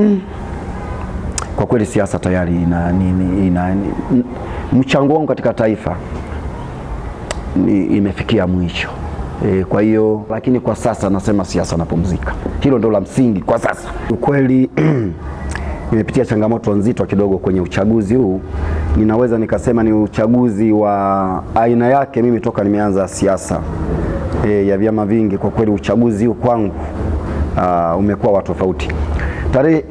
mm. Kwa kweli siasa tayari ina, ina, ina, mchango wangu katika taifa ni, imefikia mwisho e, kwa hiyo lakini kwa sasa nasema siasa napumzika. Hilo ndo la msingi kwa sasa. Ukweli nimepitia changamoto nzito kidogo kwenye uchaguzi huu, ninaweza nikasema ni uchaguzi wa aina yake. Mimi toka nimeanza siasa e, ya vyama vingi, kwa kweli uchaguzi huu kwangu umekuwa wa tofauti. Tarehe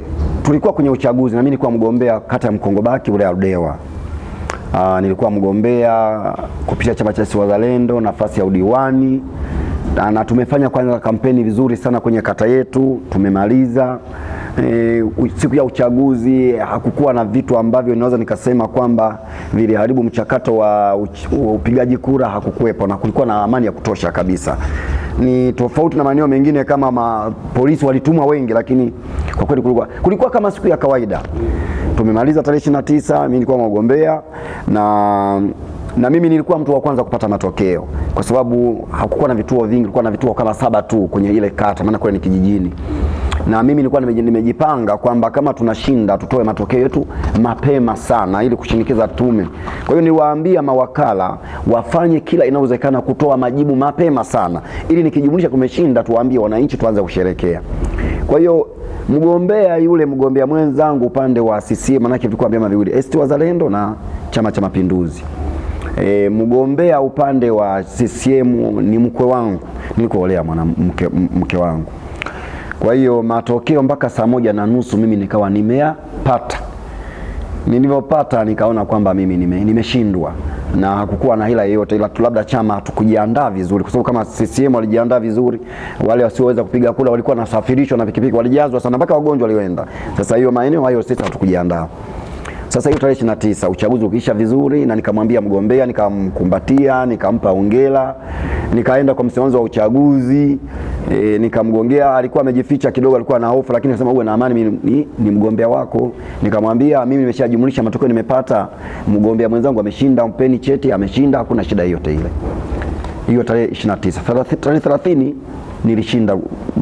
tulikuwa kwenye uchaguzi na mimi nilikuwa mgombea kata ya Mkongobaki ule Ludewa. Aa, ah, nilikuwa mgombea kupitia chama cha ACT Wazalendo nafasi ya udiwani na, ah, na tumefanya kwanza kampeni vizuri sana kwenye kata yetu tumemaliza. E, siku ya uchaguzi hakukuwa na vitu ambavyo ninaweza nikasema kwamba viliharibu mchakato wa, uch, wa upigaji kura hakukuwepo, na kulikuwa na amani ya kutosha kabisa. Ni tofauti na maeneo mengine kama ma, polisi walitumwa wengi, lakini kwa kweli kulikuwa, kulikuwa kama siku ya kawaida. Tumemaliza tarehe ishirini na tisa mimi nilikuwa mgombea na na mimi nilikuwa mtu wa kwanza kupata matokeo kwa sababu hakukuwa na vituo vingi, kulikuwa na vituo kama saba tu kwenye ile kata, maana kule ni kijijini. Na mimi nilikuwa nimejipanga kwamba kama tunashinda tutoe matokeo yetu mapema sana ili kushinikiza tume. Kwa hiyo niliwaambia mawakala wafanye kila inawezekana kutoa majibu mapema sana ili nikijumulisha kumeshinda, tuwaambie wananchi tuanze kusherekea. Kwa hiyo mgombea yule mgombea mwenzangu upande wa CCM, manake tulikuwa vyama viwili ACT Wazalendo na Chama cha Mapinduzi. E, mgombea upande wa CCM ni mkwe wangu, nilikuolea mwanamke mke wangu. Kwa hiyo matokeo mpaka saa moja na nusu mimi nikawa nimeyapata. Nilivyopata nikaona kwamba mimi nimeshindwa, nime na hakukuwa na hila yoyote, ila tu labda chama hatukujiandaa vizuri, kwa sababu kama CCM walijiandaa vizuri, wale wasioweza kupiga kura walikuwa nasafirishwa na pikipiki, walijazwa sana mpaka wagonjwa walioenda. Sasa hiyo maeneo hayo sisi hatukujiandaa. Sasa hiyo tarehe 29 uchaguzi ukiisha vizuri, na nikamwambia mgombea, nikamkumbatia, nikampa hongera, nikaenda kwa msimamizi wa uchaguzi e, nikamgongea. Alikuwa amejificha kidogo, alikuwa na hofu, lakini akasema uwe na amani, mimi ni, ni mgombea wako. Nikamwambia mimi nimeshajumlisha matokeo, nimepata mgombea mwenzangu ameshinda, mpeni cheti, ameshinda, hakuna shida yoyote ile. Hiyo tarehe 29, tarehe 30 nilishinda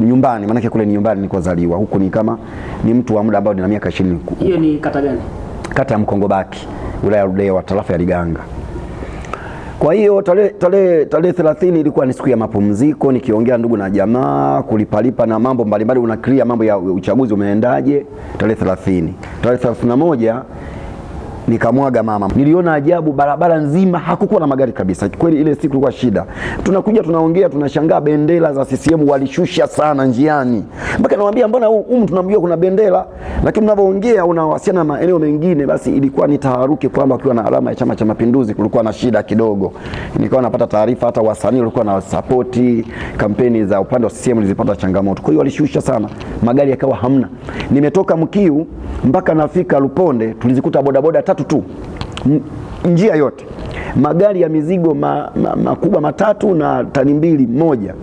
nyumbani, maanake kule ni nyumbani nilikozaliwa, huku ni kama ni mtu wa muda ambao nina miaka 20. Hiyo ni kata gani? kata ya Mkongobaki wilaya ya Ludewa tarafa ya Liganga. Kwa hiyo tarehe tarehe tarehe 30 ilikuwa ni siku ya mapumziko, nikiongea ndugu na jamaa kulipalipa na mambo mbalimbali, clear mambo ya uchaguzi umeendaje. Tarehe 30 tarehe 31 nikamwaga mama. Niliona ajabu, barabara nzima hakukuwa na magari kabisa. Kweli ile siku ilikuwa shida, tunakuja tunaongea, tunashangaa bendera za CCM walishusha sana njiani, mpaka nawaambia mbona huu humu tunamjua kuna bendera, lakini mnavyoongea unawasiana na maeneo mengine. Basi ilikuwa ni taharuki kwamba ukiwa na alama ya Chama cha Mapinduzi kulikuwa na shida kidogo. Nikawa napata taarifa, hata wasanii walikuwa na support kampeni za upande wa CCM zilipata changamoto, kwa hiyo walishusha sana magari, yakawa hamna. Nimetoka Mkiu mpaka nafika Luponde tulizikuta bodaboda matatu tu njia yote, magari ya mizigo ma, ma, makubwa matatu na tani mbili moja,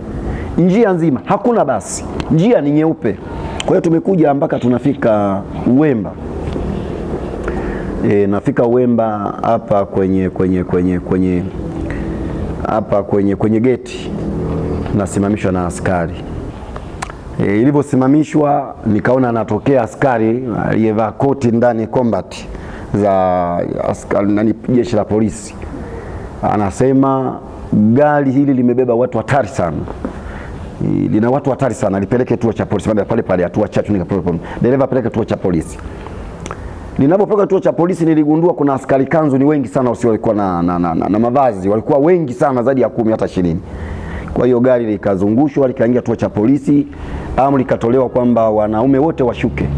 njia nzima hakuna basi, njia ni nyeupe. Kwa hiyo tumekuja mpaka tunafika Uwemba. E, nafika Uwemba hapa kwenye kwenye kwenye kwenye hapa kwenye kwenye geti nasimamishwa na askari e, ilivyosimamishwa nikaona anatokea askari aliyevaa koti ndani combat za askari, nani jeshi la polisi anasema gari hili limebeba watu hatari sana, lina watu hatari sana, lipeleke kituo cha polisi pale pale, hatua chachu ni dereva, peleke kituo cha polisi. Ninapopeleka kituo cha polisi, niligundua kuna askari kanzu ni wengi sana, wasio walikuwa na, na, na, na, na mavazi, walikuwa wengi sana zaidi ya kumi hata ishirini. Kwa hiyo gari likazungushwa likaingia kituo cha polisi, amri ikatolewa kwamba wanaume wote washuke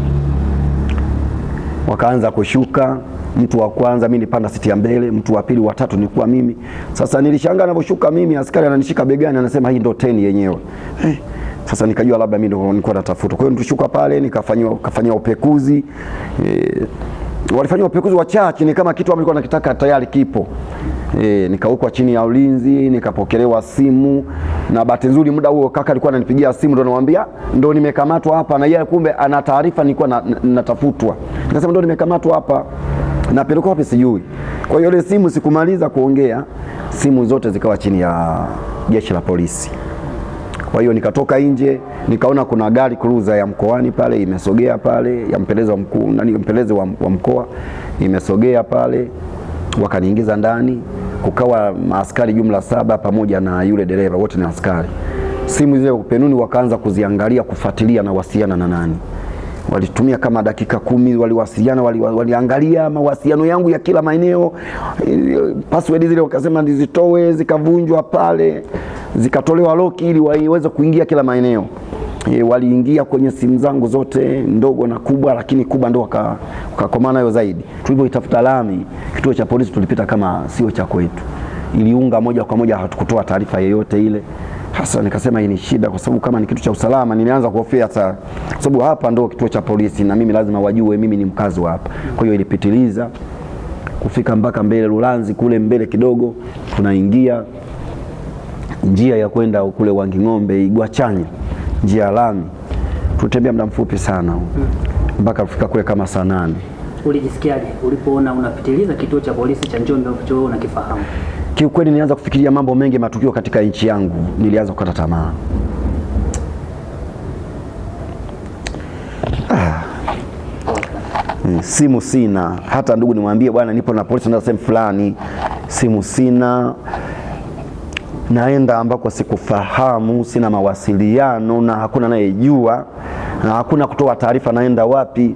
wakaanza kushuka. Mtu wa kwanza mimi nipanda siti ya mbele, mtu wa pili, wa tatu nilikuwa mimi. Sasa nilishangaa anaposhuka mimi, askari ananishika begani, anasema hii ndo teni yenyewe eh. Sasa nikajua labda mimi ndo nilikuwa natafuta. Kwa hiyo nilishuka pale nikafanywa kafanywa upekuzi eh, walifanywa upekuzi wachache, ni kama kitu ambacho nakitaka tayari kipo. E, nikawekwa chini ya ulinzi nikapokelewa simu, na bahati nzuri muda huo kaka alikuwa ananipigia simu, ndo namwambia ndo nimekamatwa hapa, na yeye kumbe ana taarifa nilikuwa na, natafutwa. Nikasema ndo nimekamatwa hapa, napelekwa wapi sijui. Kwa hiyo ile simu sikumaliza kuongea, simu zote zikawa chini ya jeshi la polisi. Kwa hiyo nikatoka nje nikaona kuna gari kuruza ya mkoani pale imesogea pale ya mpelezi wa mkuu nani mpelezi wa, wa mkoa imesogea pale wakaniingiza ndani, kukawa maaskari jumla saba pamoja na yule dereva, wote ni askari. Simu zile upenuni wakaanza kuziangalia, kufuatilia na wasiana na nani walitumia kama dakika kumi, waliwasiliana wali, waliangalia mawasiliano yangu ya kila maeneo. Password zile wakasema nizitoe, zikavunjwa pale, zikatolewa loki ili waweze kuingia kila maeneo e, waliingia kwenye simu zangu zote ndogo na kubwa, lakini kubwa ndo wakakomaa nayo zaidi. Tulipoitafuta lami, kituo cha polisi tulipita kama sio cha kwetu, iliunga moja kwa moja, hatukutoa taarifa yoyote ile. Hasa nikasema hii ni shida, kwa sababu kama ni kitu cha usalama, nimeanza kuhofia hata, kwa sababu hapa ndo kituo cha polisi na mimi lazima wajue mimi ni mkazi wa hapa. Kwa hiyo ilipitiliza kufika mpaka mbele Lulanzi kule mbele kidogo, tunaingia njia ya kwenda kule Wanging'ombe Igwachanya njia ya lami, tutembea muda mfupi sana mpaka hmm. kufika kule kama saa nane. Ulijisikiaje ulipoona unapitiliza kituo cha polisi cha Njombe ambacho wewe unakifahamu? Kiukweli nilianza kufikiria mambo mengi, matukio katika nchi yangu, nilianza kukata tamaa. Ah. Hmm, simu sina, hata ndugu nimwambie bwana, nipo na polisi na sehemu fulani, simu sina naenda ambako sikufahamu, sina mawasiliano na hakuna anayejua na hakuna kutoa taarifa naenda wapi.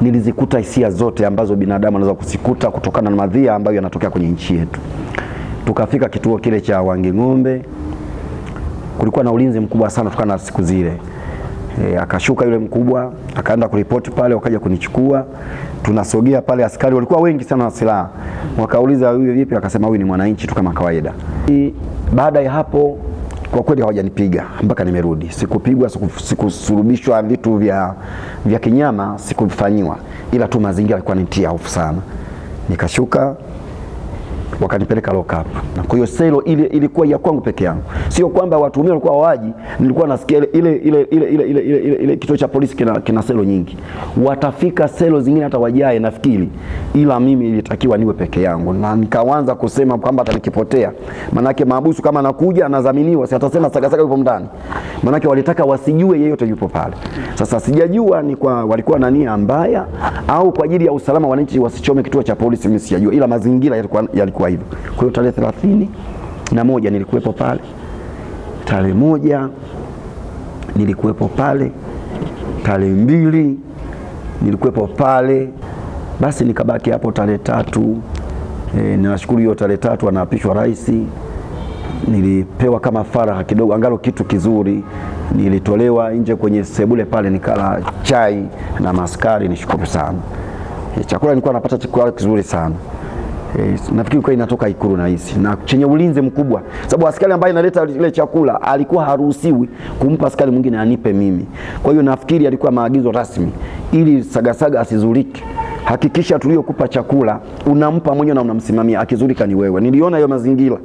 Nilizikuta hisia zote ambazo binadamu anaweza kuzikuta kutokana na madhia ambayo yanatokea kwenye nchi yetu. Tukafika kituo kile cha ng'ombe kulikuwa na ulinzi mkubwa sana kutokana na siku zile. E, akashuka yule mkubwa akaenda kuripoti pale, wakaja kunichukua tunasogea pale, askari walikuwa wengi sana na silaha, wakauliza huyu vipi? Akasema huyu ni mwananchi tu kama kawaida. Baada ya hapo kwa kweli hawajanipiga mpaka nimerudi. Sikupigwa, sikusurubishwa, siku vitu vya, vya kinyama sikufanyiwa, ila tu mazingira yalikuwa nitia hofu sana. Nikashuka wakanipeleka lock Na Kwa hiyo selo ile ilikuwa ya kwangu peke yangu, sio kwamba watu wengine walikuwa waji. Nilikuwa nasikia ile ile ile ile ile ile ile ile ile kituo cha polisi kina, kina selo nyingi, watafika selo zingine hata wajae nafikiri, ila mimi ilitakiwa niwe peke yangu, na nikaanza kusema kwamba hata nikipotea, manake maabusu kama anakuja anadhaminiwa, si atasema saga saga yupo ndani, manake walitaka wasijue yeyote yupo pale. Sasa sijajua ni kwa walikuwa na nia mbaya au kwa ajili ya usalama wananchi wasichome kituo cha polisi, mimi sijajua, ila mazingira yalikuwa yalikuwa ilikuwa hivyo. Kwa hiyo tarehe thelathini na moja nilikuwepo pale, tarehe moja nilikuwepo pale, tarehe mbili nilikuwepo pale, basi nikabaki hapo tarehe tatu. E, ninashukuru hiyo tarehe tatu anaapishwa rais, nilipewa kama faraha kidogo, angalo kitu kizuri. Nilitolewa nje kwenye sebule pale, nikala chai na maskari, nishukuru sana. E, chakula nilikuwa napata chakula kizuri sana. E, nafikiri kwa inatoka Ikulu na hizi na chenye ulinzi mkubwa, sababu askari ambaye analeta ile chakula alikuwa haruhusiwi kumpa askari mwingine anipe mimi. Kwa hiyo nafikiri alikuwa maagizo rasmi, ili sagasaga asizulike. Hakikisha tuliokupa chakula unampa mwenyewe na unamsimamia, akizulika ni wewe. Niliona hiyo mazingira.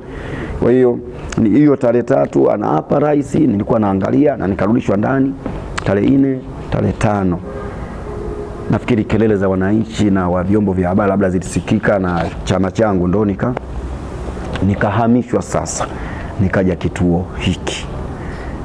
Kwa hiyo hiyo tarehe tatu anaapa rais, nilikuwa naangalia na nikarudishwa ndani tarehe nne, tarehe tano nafikiri kelele za wananchi na wa vyombo vya habari labda zilisikika na chama changu ndo nika nikahamishwa sasa nikaja kituo hiki.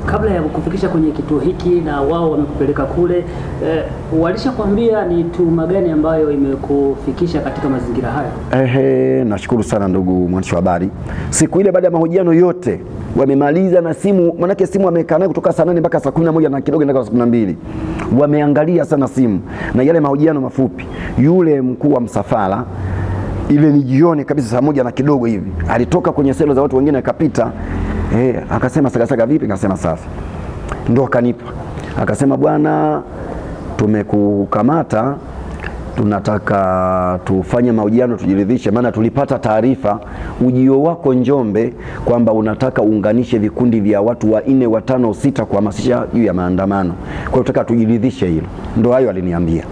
Kabla ya kukufikisha kwenye kituo hiki na wao wamekupeleka kule, eh, walishakwambia ni tuhuma gani ambayo imekufikisha katika mazingira haya? Ehe, nashukuru sana ndugu mwandishi wa habari. Siku ile baada ya mahojiano yote wamemaliza na simu, manake simu wamekaa nayo kutoka saa nane mpaka saa kumi na moja na kidogo saa kumi na mbili wameangalia sana simu na yale mahojiano mafupi. Yule mkuu wa msafara ile ni jioni kabisa, saa moja na kidogo hivi alitoka kwenye selo za watu wengine akapita, eh, akasema Sagasaga, vipi? Akasema safi, ndo akanipa akasema, bwana tumekukamata tunataka tufanye mahojiano tujiridhishe, maana tulipata taarifa ujio wako Njombe kwamba unataka uunganishe vikundi vya watu wanne, watano, sita kuhamasisha juu ya maandamano. Kwa hiyo tunataka tujiridhishe hilo. Ndio hayo aliniambia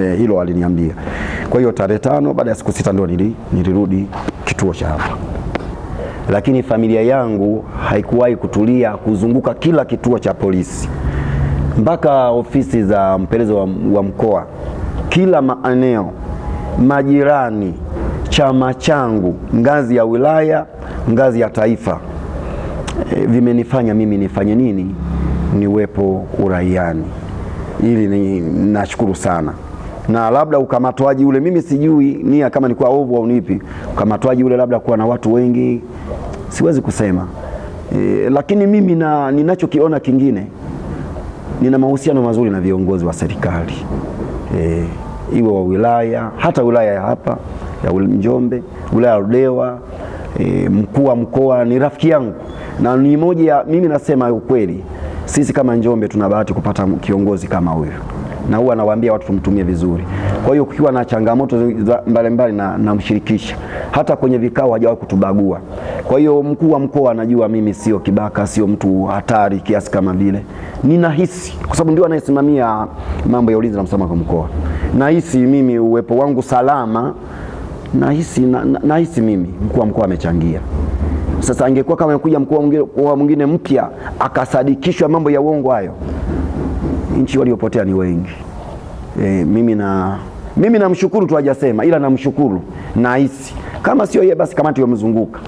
e, hilo aliniambia. Kwa hiyo tarehe tano baada ya siku sita ndio nilirudi kituo cha hapa, lakini familia yangu haikuwahi kutulia kuzunguka kila kituo cha polisi mpaka ofisi za mpelelezi wa, wa mkoa kila maeneo, majirani, chama changu, ngazi ya wilaya, ngazi ya taifa, e, vimenifanya mimi nifanye nini, niwepo uraiani. Ili ni nashukuru sana na labda ukamatwaji ule, mimi sijui nia kama ni kwa ovu au nipi, ukamatwaji ule labda kuwa na watu wengi, siwezi kusema e, lakini mimi na ninachokiona kingine, nina mahusiano mazuri na viongozi wa serikali e iwe wa wilaya, hata wilaya ya hapa ya Njombe, wilaya ya Ludewa, e, mkuu wa mkoa ni rafiki yangu na ni moja ya mimi, nasema ukweli, sisi kama Njombe tuna bahati kupata kiongozi kama huyu, na huwa anawaambia watu tumtumie vizuri. Kwa hiyo kukiwa na changamoto mbalimbali na namshirikisha, hata kwenye vikao hajawahi kutubagua. Kwa hiyo mkuu wa mkoa anajua mimi sio kibaka, sio mtu hatari kiasi kama vile ninahisi, kwa sababu ndio anayesimamia mambo ya ulinzi na usalama kwa mkoa. Nahisi mimi uwepo wangu salama, nahisi na, na, nahisi mimi mkuu wa mkoa amechangia. Sasa angekuwa kama amekuja mkuu wa mwingine mpya akasadikishwa mambo ya uongo hayo, nchi waliopotea ni wengi. E, mimi na mimi namshukuru tu hajasema, ila namshukuru nahisi kama sio yeye, basi kamati yomzunguka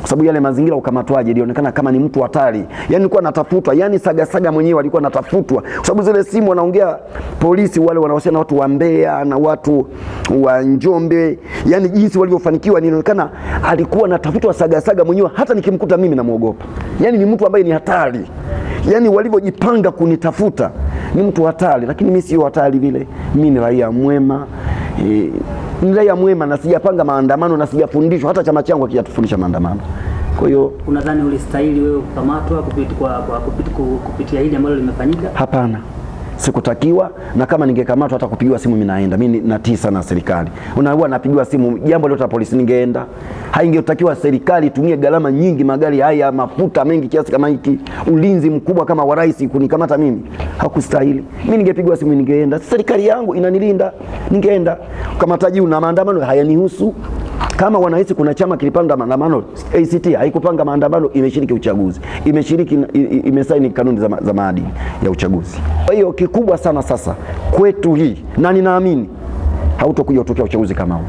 kwa sababu yale mazingira ukamatwaje, ilionekana kama ni mtu hatari. Yani alikuwa anatafutwa, yani Sagasaga mwenyewe alikuwa anatafutwa, kwa sababu zile simu wanaongea polisi wale wanahusiana na watu wa Mbeya na watu wa Njombe, yani jinsi walivyofanikiwa, nilionekana alikuwa anatafutwa Sagasaga mwenyewe. Hata nikimkuta mimi namwogopa, yani ni mtu ambaye ni hatari, yani walivyojipanga kunitafuta ni mtu hatari, lakini mi sio hatari vile. Mi ni raia mwema e, ni raia mwema na sijapanga maandamano na sijafundishwa, hata chama changu hakijatufundisha maandamano. Kwa hiyo unadhani ulistahili wewe kukamatwa kupitia hili ambalo limefanyika? Hapana sikutakiwa, na kama ningekamatwa hata kupigiwa simu mimi naenda. Mimi natii sana serikali, unaua napigiwa simu jambo lolote la polisi ningeenda. Haingetakiwa serikali itumie gharama nyingi, magari haya, mafuta mengi kiasi kama hiki, ulinzi mkubwa kama wa rais kunikamata mimi, hakustahili. Mimi ningepigwa simu ningeenda, serikali yangu inanilinda, ningeenda. Ukamataji una maandamano hayanihusu. Kama wanahisi kuna chama kilipanga maandamano, ACT haikupanga maandamano, imeshiriki uchaguzi, imeshiriki, imesaini kanuni za maadili ya uchaguzi. Kwa hiyo kikubwa sana sasa kwetu hii, na ninaamini hautokuja kutokea uchaguzi kama huu,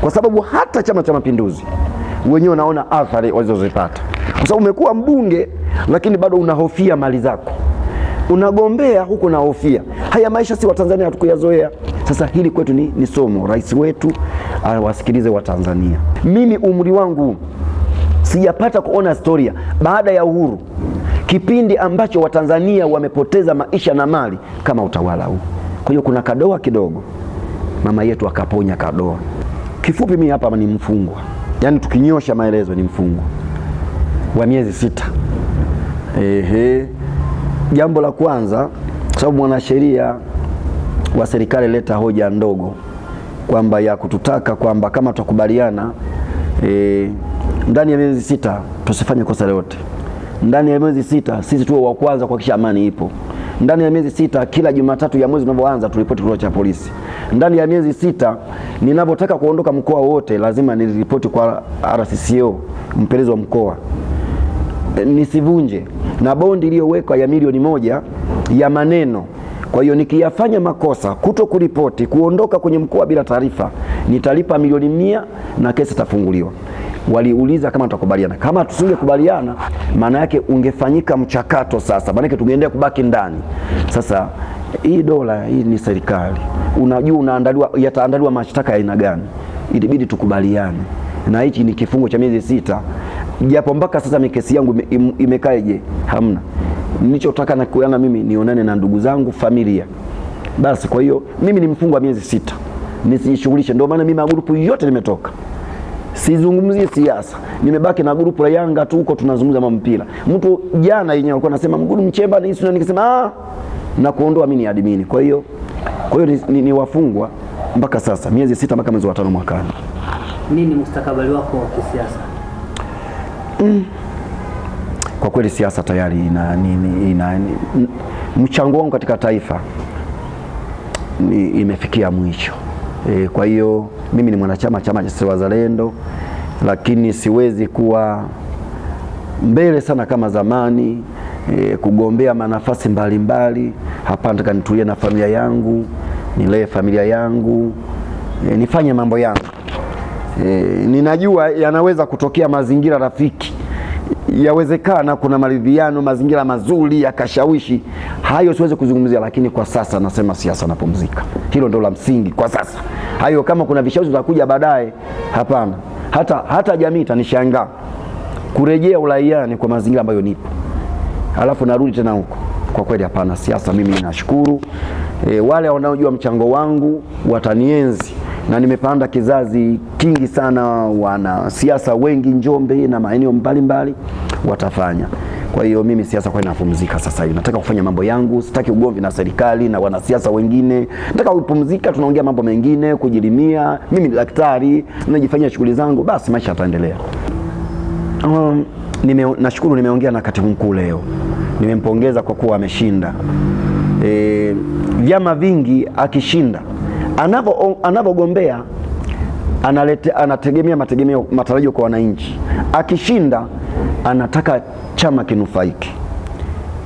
kwa sababu hata Chama cha Mapinduzi wenyewe wanaona athari walizozipata, kwa sababu umekuwa mbunge lakini bado unahofia mali zako, unagombea huku unahofia. Haya maisha si Watanzania hatukuyazoea. Sasa hili kwetu ni, ni somo. Rais wetu awasikilize Watanzania. Mimi umri wangu sijapata kuona historia baada ya uhuru, kipindi ambacho Watanzania wamepoteza maisha na mali kama utawala huu. Kwa hiyo kuna kadoa kidogo, mama yetu akaponya kadoa. Kifupi mimi hapa ni mfungwa, yaani tukinyosha maelezo ni mfungwa wa miezi sita. Ehe, jambo la kwanza, kwa sababu mwanasheria wa serikali leta hoja ndogo kwamba ya kututaka kwamba kama tutakubaliana e, ndani ya miezi sita tusifanye kosa lolote. Ndani ya miezi sita sisi tuwe wa kwanza kuhakikisha amani ipo. Ndani ya miezi sita kila Jumatatu ya mwezi unavyoanza turipoti kituo cha polisi. Ndani ya miezi sita ninapotaka kuondoka mkoa wote lazima niliripoti kwa RCCO mpelezi wa mkoa e, nisivunje na bondi iliyowekwa ya milioni moja ya maneno kwa hiyo nikiyafanya makosa, kuto kuripoti, kuondoka kwenye mkoa bila taarifa, nitalipa milioni mia na kesi itafunguliwa. Waliuliza kama tutakubaliana. Kama tusingekubaliana, maana yake ungefanyika mchakato sasa, maana yake tungeendelea kubaki ndani. Sasa hii dola hii ni serikali, unajua unaandaliwa, yataandaliwa mashtaka ya aina gani? Ilibidi tukubaliane, na hichi ni kifungo cha miezi sita, japo mpaka sasa mikesi yangu imekaeje? Hamna nilichotaka na kuana mimi nionane na ndugu zangu familia. Basi kwa hiyo mimi ni mfungwa miezi sita, nisijishughulishe. Ndio maana mimi magrupu yote nimetoka, sizungumzie siasa, nimebaki na grupu la Yanga tu, huko tunazungumza mambo mpira. Mtu jana yenyewe alikuwa anasema mguru mcheba ni sio, nikisema ah, na kuondoa mimi ni admin. Kwa hiyo kwa hiyo ni, ni, ni wafungwa mpaka sasa miezi sita mpaka mwezi wa tano mwakani. Nini mustakabali wako wa kisiasa? mm. Kwa kweli siasa tayari ina, ina, ina, mchango wangu katika taifa ni, imefikia mwisho e. Kwa hiyo mimi ni mwanachama chama cha Wazalendo, lakini siwezi kuwa mbele sana kama zamani e, kugombea manafasi mbalimbali. Hapana, nataka nitulie na familia yangu, nilee familia yangu e, nifanye mambo yangu e, ninajua yanaweza kutokea mazingira rafiki yawezekana kuna maridhiano, mazingira mazuri yakashawishi hayo, siwezi kuzungumzia, lakini kwa sasa nasema siasa napumzika. Hilo ndio la msingi kwa sasa. Hayo kama kuna vishawishi vitakuja baadaye, hapana. Hata, hata jamii itanishangaa kurejea uraiani kwa mazingira ambayo nipo, alafu narudi tena huko. Kwa kweli hapana, siasa mimi nashukuru e, wale wanaojua mchango wangu watanienzi na nimepanda kizazi kingi sana wanasiasa wengi Njombe na maeneo mbalimbali watafanya. Kwa hiyo mimi siasa kwa napumzika sasa hivi, nataka kufanya mambo yangu, sitaki ugomvi na serikali na wanasiasa wengine, nataka kupumzika, tunaongea mambo mengine, kujilimia. Mimi ni daktari, najifanyia shughuli zangu, basi maisha yataendelea. Um, nime, nashukuru nimeongea na katibu mkuu leo, nimempongeza kwa kuwa ameshinda. E, vyama vingi akishinda anavyogombea analete, anategemea mategemeo matarajio kwa wananchi. Akishinda anataka chama kinufaiki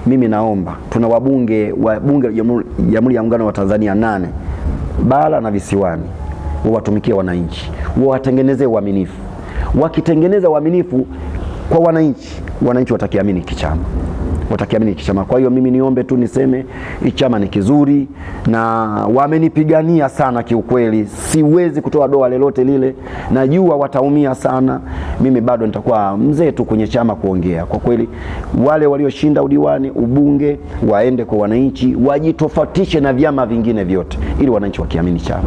Mimi naomba tuna wabunge wa bunge la Jamhuri ya Muungano wa Tanzania nane bara na visiwani, wawatumikie wananchi, wawatengeneze uaminifu. Wakitengeneza uaminifu kwa wananchi, wananchi watakiamini kichama watakiamini chama. Kwa hiyo mimi niombe tu niseme chama ni kizuri na wamenipigania sana kiukweli, siwezi kutoa doa lolote lile, najua wataumia sana. Mimi bado nitakuwa mzee tu kwenye chama kuongea. Kwa kweli, wale walioshinda udiwani, ubunge waende kwa wananchi, wajitofautishe na vyama vingine vyote, ili wananchi wakiamini chama.